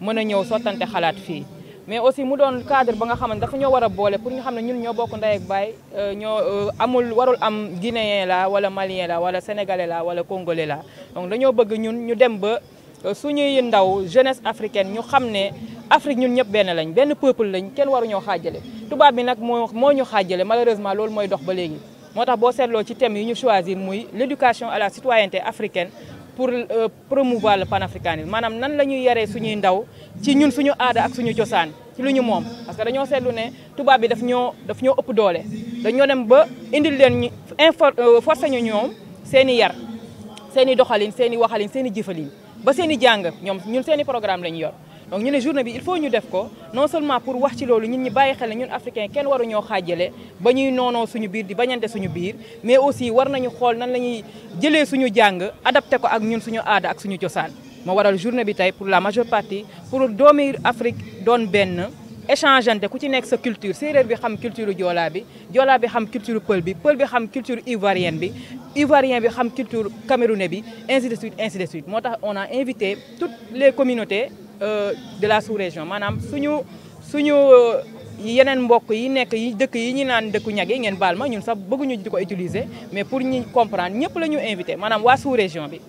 mën a ñëw sottante xalaat fii mais aussi mu doon cadre ba nga xam ne dafa ñoo war a boole pour ñu xam ne ñun ñoo bokk ndey ak euh, ñoo euh, amul warul am guinéen la wala malien la wala sénégalais wala congolais la donc dañoo bëgg ñun ñu dem ba euh, suñuy ndaw jeunesse africaine ñu xam ne Afrique ñun ñëpp benn lañ benn peuple lañ kenn waruñoo xaajale tubaab bi nag moo moo ñu xaajale malheureusement loolu mooy dox ba léegi moo tax boo seetloo ci thème yi ñu choisir muy l' éducation à la pour euh, promouvoir le panafricanisme maanaam nan la ñuy yaree suñuy ndaw ci ñun suñu aada ak suñu cosaan ci lu ñu moom parce que dañoo seetlu ne tubaab bi daf ñoo daf ñoo ëpp doole dañoo dem ba indil leen ñu infor euh, forcé ñu ñoom seen i yar seen i doxalin seen i waxalin seen i jëfalin ba seen i jàng ñoom ñun seen i programme la ñu yor donc ñu journée bi il faut ñu def ko non seulement pour wax ci loolu ñun ñi bàyyi xel ne ñun africain kenn waru ñoo xaajale ba ñuy noonoo suñu biir di bañante suñu biir mais aussi war nañu xool nan la ñuy jëlee suñu jàng adapté ko ak ñun suñu aada ak suñu cosaan waral journée bi pour la majeure partie pour doomi Afrique doon ben échangeante ku ci nek sa culture séeréer bi xam culture diola, bi joolaa bi xam culture peul bi peul bi xam culture ivoirienne bi ivoirien bi xam culture camerounais bi ainsi de suite ainsi de suite motax on a invité toutes les communautés euh, de la sous-région Madame suñu suñu euh, yeneen mbokk yi nekk yi dëkk yi qui naan dëkku utiliser mais pour nous comprendre nous la inviter. invité la sous-région bi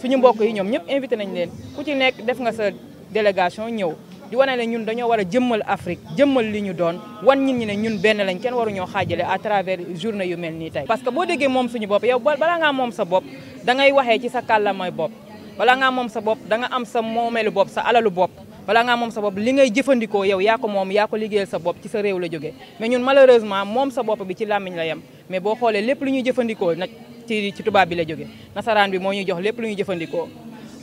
suñu avons invité nañ leen délégation nous ñun dañoo jëmmal Afrique nous li à travers journée yu mel nii vous parce que gens qui moom suñu vous yow des gens sa da bala ngaa moom sa bopp da nga am sa moomeelu bopp sa alalu bopp bala ngaa moom sa bopp li ngay jëfandikoo yow yaa ko moom yaa ko liggéeyal sa bopp ci sa réew la jógee mais ñun malheureusement moom sa bopp bi ci lamiñ la yem mais boo xoolee lépp lu ñuy jëfandikoo nak ci ci tuba bi la jógee nasaraan bi moo ñuy jox lépp lu ñuy jëfandikoo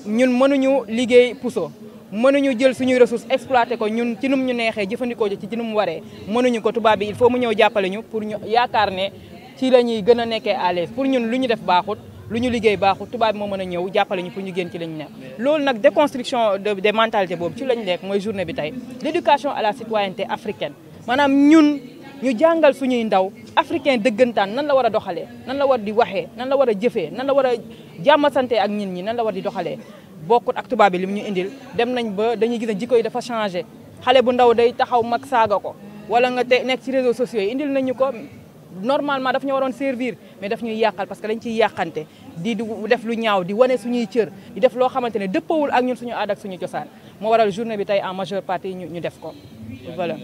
ñun mënuñu liggéey puso mënuñu jël suñuy ressource exploité ko ñun ci num ñu neexee jëfandikoo ci ci num waree mënuñu ko tuba bi il faut mu ñëw jàppale ñu pour ñu yaakaar ne ci la ñuy gën a nekkee à l'aise pour ñun lu ñu def baaxut lu ñu liggéey baaxul tubaab moo mën a ñëw jàppale ñu pour ñu génn ci lañu nekk loolu nag déconstruction de des mentalités boobu ci lañu nekk mooy journée bi tey l'éducation à la citoyenneté africaine maanaam ñun ñu jàngal suñuy ndaw africain dëggantaan nan la war a doxalee nan la war di waxee nan la war a jëfee nan la war a jàmmasante ak ñin ñi nan la war di doxalee bokkut ak tubaab bi li ñu indil dem nañ ba dañuy gis ne jikko yi dafa changé xale bu ndaw day taxaw mag saaga ko wala nga te nekk ci réseaux sociaux indil nañu ko normalement daf ñu waron servir mais daf ñuy yakal parce que dañ ci yakanté di def lu ñaaw di wone suñuy cër di def lo xamante ne dëppawul ak ñun suñu aada ak suñu cosaan mo waral journée bi tay en majeure partie ñu ñu def ko voilà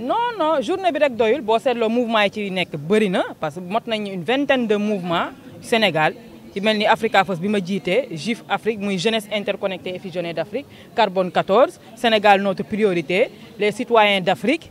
non non journée bi rek doyul boo seetloo mouvement yi ci nekk bari na parce que mot nañ une vingtaine de mouvements Sénégal ci mel Africa First Bima ma JIF Afrique muy jeunesse interconnectée et fusionnée d' Carbone 14 Sénégal notre priorité les citoyens d'Afrique.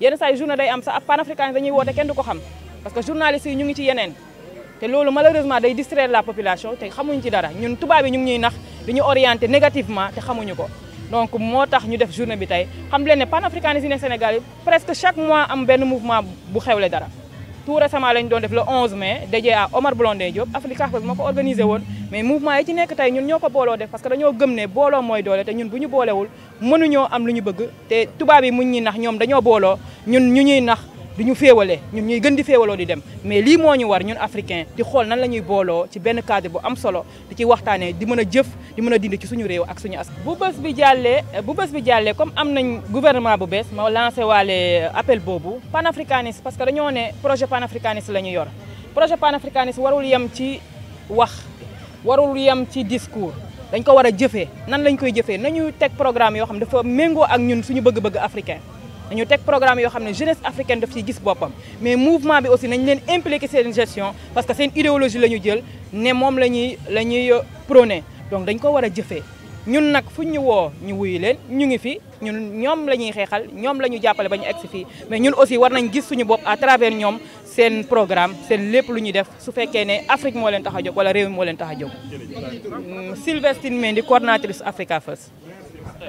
yenn saa journée day am sa panafricain dañuy woote kenn du ko xam parce que journalistes yi ñu ngi ci yeneen te loolu malheureusement day distraire la population te xamuñ ñu ngi ñuy nax di négativement te xamuñu ko donc moo tax ñu def journée bi tey xam leen ne panafricanistes yi ne Sénégal yi presque chaque mois am benn mouvement bu xewle dara tout récemment lañ doon def le 11 mai dédié à Omar Blondin Diop Africafos moo ko organisé woon mais mouvement yi ci nekk tey ñun ñoo ko booloo def parce que dañoo ne booloo mooy doole te ñun bu ñu boolewul mënuñoo am lu ñu bëgg te tubaab yi muñ ñi nax ñoom dañoo booloo ñun ñu ñuy nax du ñu féewale ñun ñuy gën di féewaloo di dem mais lii moo ñu war ñun africain di xool nan la ñuy booloo ci benn cadre bu am solo di ci waxtaanee di mën a jëf di mën a dindi ci suñu réew ak suñu askan. bu bés bi jàllee bu bës bi jàllee comme am nañ gouvernement bu bees ma lancé waale appel boobu panafricaniste parce que dañoo ne projet panafricaniste la ñu yor projet panafricaniste warul yem ci wax warul yem ci discours. dañ ko war a jëfee nan lañ koy jëfee nañu teg programme yoo xam dafa méngoo ak ñun suñu bëgg-bëgg africain avons un programme de jeunesse africaine daf mais mouvement aussi gestion parce que c'est une idéologie que nous prenons, nous avons la euh, donc nous ko le a que Nous avons fait. nous ñu ce que nous ngi fi ñun la ce que nous mais nous aussi war à travers c'est un programme fait lépp def su Afrique mm, Sylvestine Mendy Africa First